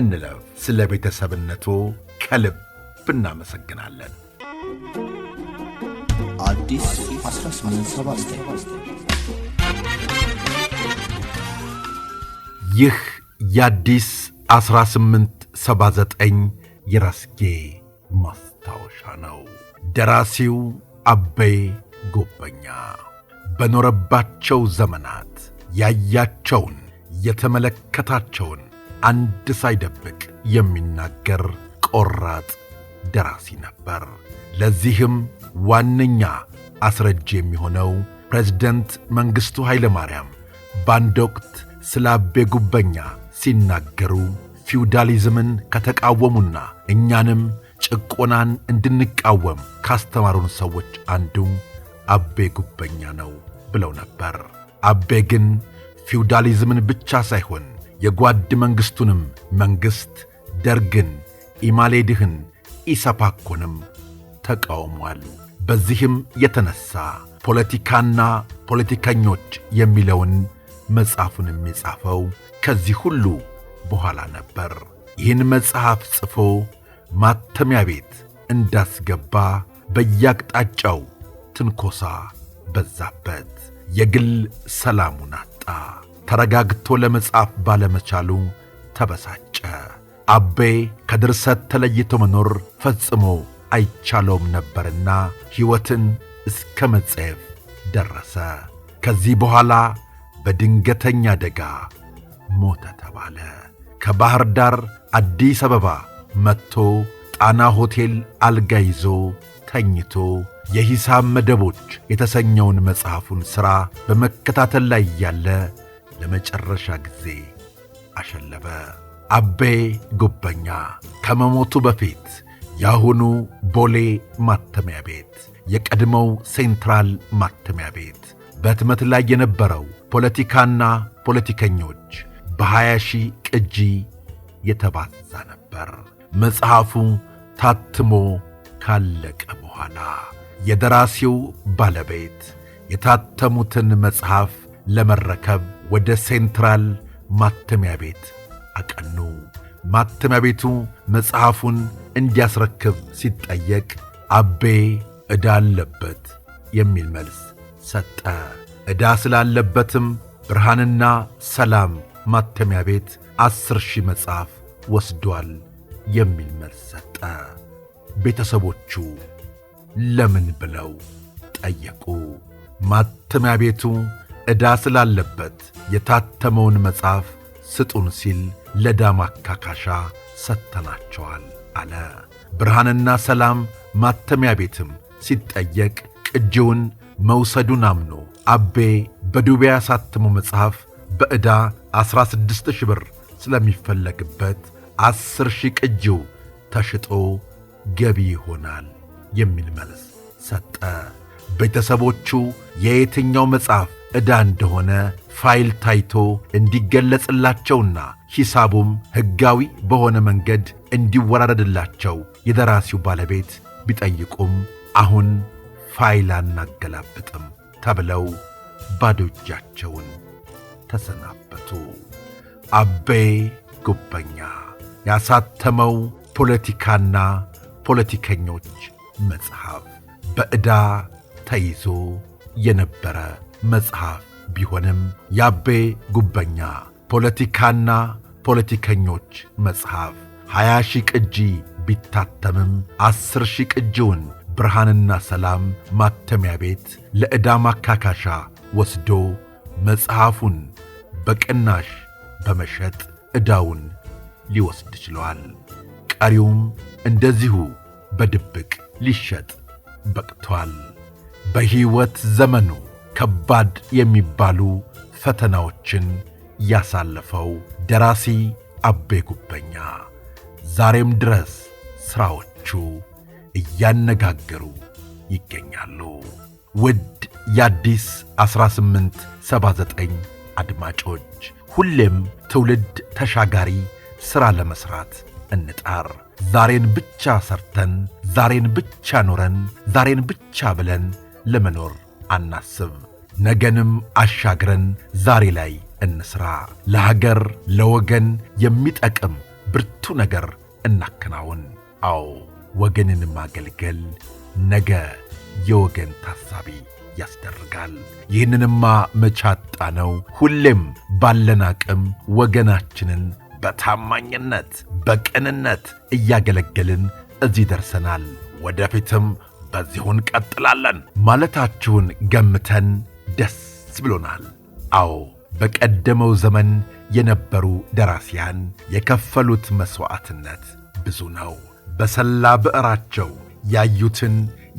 እንለፍ። ስለ ቤተሰብነቱ ከልብ እናመሰግናለን። ይህ የአዲስ 1879 የራስጌ ማስታወሻ ነው። ደራሲው አበይ ጎበኛ በኖረባቸው ዘመናት ያያቸውን የተመለከታቸውን አንድ ሳይደብቅ የሚናገር ቆራጥ ደራሲ ነበር። ለዚህም ዋነኛ አስረጅ የሚሆነው ፕሬዝደንት መንግሥቱ ኃይለማርያም በአንድ ወቅት ስለ አቤ ጉበኛ ሲናገሩ ፊውዳሊዝምን ከተቃወሙና እኛንም ጭቆናን እንድንቃወም ካስተማሩን ሰዎች አንዱ አቤ ጉበኛ ነው ብለው ነበር። አቤ ግን ፊውዳሊዝምን ብቻ ሳይሆን የጓድ መንግሥቱንም መንግሥት ደርግን፣ ኢማሌድህን፣ ኢሰፓኮንም ተቃውሟል። በዚህም የተነሣ ፖለቲካና ፖለቲከኞች የሚለውን መጽሐፉን የጻፈው ከዚህ ሁሉ በኋላ ነበር። ይህን መጽሐፍ ጽፎ ማተሚያ ቤት እንዳስገባ በያቅጣጫው ትንኮሳ በዛበት፣ የግል ሰላሙን አጣ። ተረጋግቶ ለመጻፍ ባለመቻሉ ተበሳጨ። አቤ ከድርሰት ተለይቶ መኖር ፈጽሞ አይቻለውም ነበርና ሕይወትን እስከ መጽሔፍ ደረሰ። ከዚህ በኋላ በድንገተኛ አደጋ ሞተ ተባለ። ከባሕር ዳር አዲስ አበባ መጥቶ ጣና ሆቴል አልጋ ይዞ ተኝቶ የሂሳብ መደቦች የተሰኘውን መጽሐፉን ሥራ በመከታተል ላይ እያለ ለመጨረሻ ጊዜ አሸለበ። አቤ ጉበኛ ከመሞቱ በፊት የአሁኑ ቦሌ ማተሚያ ቤት፣ የቀድሞው ሴንትራል ማተሚያ ቤት በህትመት ላይ የነበረው ፖለቲካና ፖለቲከኞች በ20 ሺህ ቅጂ የተባዛ ነበር። መጽሐፉ ታትሞ ካለቀ በኋላ የደራሲው ባለቤት የታተሙትን መጽሐፍ ለመረከብ ወደ ሴንትራል ማተሚያ ቤት አቀኑ። ማተሚያ ቤቱ መጽሐፉን እንዲያስረክብ ሲጠየቅ አቤ ዕዳ አለበት የሚል መልስ ሰጠ። ዕዳ ስላለበትም ብርሃንና ሰላም ማተሚያ ቤት ዐሥር ሺህ መጽሐፍ ወስዷል የሚል መልስ ሰጠ። ቤተሰቦቹ ለምን ብለው ጠየቁ። ማተሚያ ቤቱ ዕዳ ስላለበት የታተመውን መጽሐፍ ስጡን ሲል ለዕዳ ማካካሻ ሰጥተናቸዋል አለ። ብርሃንና ሰላም ማተሚያ ቤትም ሲጠየቅ ቅጂውን መውሰዱን አምኖ አቤ በዱቤ ያሳተመው መጽሐፍ በዕዳ 16 ሺህ ብር ስለሚፈለግበት 10 ሺህ ቅጂው ተሽጦ ገቢ ይሆናል የሚል መልስ ሰጠ። ቤተሰቦቹ የየትኛው መጽሐፍ ዕዳ እንደሆነ ፋይል ታይቶ እንዲገለጽላቸውና ሂሳቡም ሕጋዊ በሆነ መንገድ እንዲወራረድላቸው የደራሲው ባለቤት ቢጠይቁም አሁን ፋይል አናገላብጥም ተብለው ባዶ እጃቸውን ተሰናበቱ። አቤ ጉበኛ ያሳተመው ፖለቲካና ፖለቲከኞች መጽሐፍ በዕዳ ተይዞ የነበረ መጽሐፍ ቢሆንም የአቤ ጉበኛ ፖለቲካና ፖለቲከኞች መጽሐፍ ሀያ ሺህ ቅጂ ቢታተምም አስር ሺህ ቅጂውን ብርሃንና ሰላም ማተሚያ ቤት ለዕዳ ማካካሻ ወስዶ መጽሐፉን በቅናሽ በመሸጥ ዕዳውን ሊወስድ ችሏል። ቀሪውም እንደዚሁ በድብቅ ሊሸጥ በቅቷል። በሕይወት ዘመኑ ከባድ የሚባሉ ፈተናዎችን ያሳለፈው ደራሲ አቤ ጉበኛ ዛሬም ድረስ ሥራዎቹ እያነጋገሩ ይገኛሉ። ውድ የአዲስ 1879 አድማጮች ሁሌም ትውልድ ተሻጋሪ ሥራ ለመሥራት እንጣር። ዛሬን ብቻ ሰርተን ዛሬን ብቻ ኖረን ዛሬን ብቻ ብለን ለመኖር አናስብ። ነገንም አሻግረን ዛሬ ላይ እንስራ። ለሀገር ለወገን የሚጠቅም ብርቱ ነገር እናከናውን። አዎ ወገንን ማገልገል ነገ የወገን ታሳቢ ያስደርጋል። ይህንንማ መቻጣ ነው። ሁሌም ባለን አቅም ወገናችንን በታማኝነት በቅንነት እያገለገልን እዚህ ደርሰናል። ወደፊትም በዚሁ ቀጥላለን ማለታችሁን ገምተን ደስ ብሎናል። አዎ በቀደመው ዘመን የነበሩ ደራሲያን የከፈሉት መሥዋዕትነት ብዙ ነው። በሰላ ብዕራቸው ያዩትን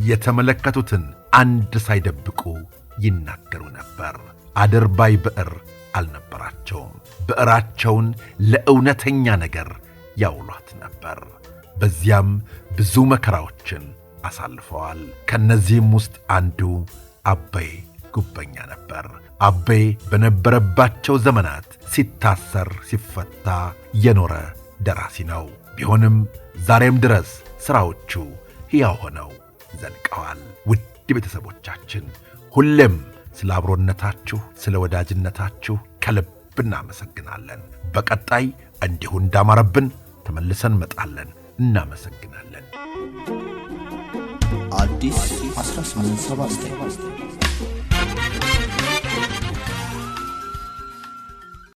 የተመለከቱትን አንድ ሳይደብቁ ይናገሩ ነበር። አድርባይ ብዕር አልነበራቸውም። ብዕራቸውን ለእውነተኛ ነገር ያውሏት ነበር። በዚያም ብዙ መከራዎችን አሳልፈዋል። ከእነዚህም ውስጥ አንዱ አበይ ጉበኛ ነበር። አበይ በነበረባቸው ዘመናት ሲታሰር ሲፈታ የኖረ ደራሲ ነው። ቢሆንም ዛሬም ድረስ ሥራዎቹ ሕያው ሆነው ዘልቀዋል። ውድ ቤተሰቦቻችን ሁሌም ስለ አብሮነታችሁ፣ ስለ ወዳጅነታችሁ ከልብ እናመሰግናለን። በቀጣይ እንዲሁ እንዳማረብን ተመልሰን መጣለን። እናመሰግናለን። አዲስ 1879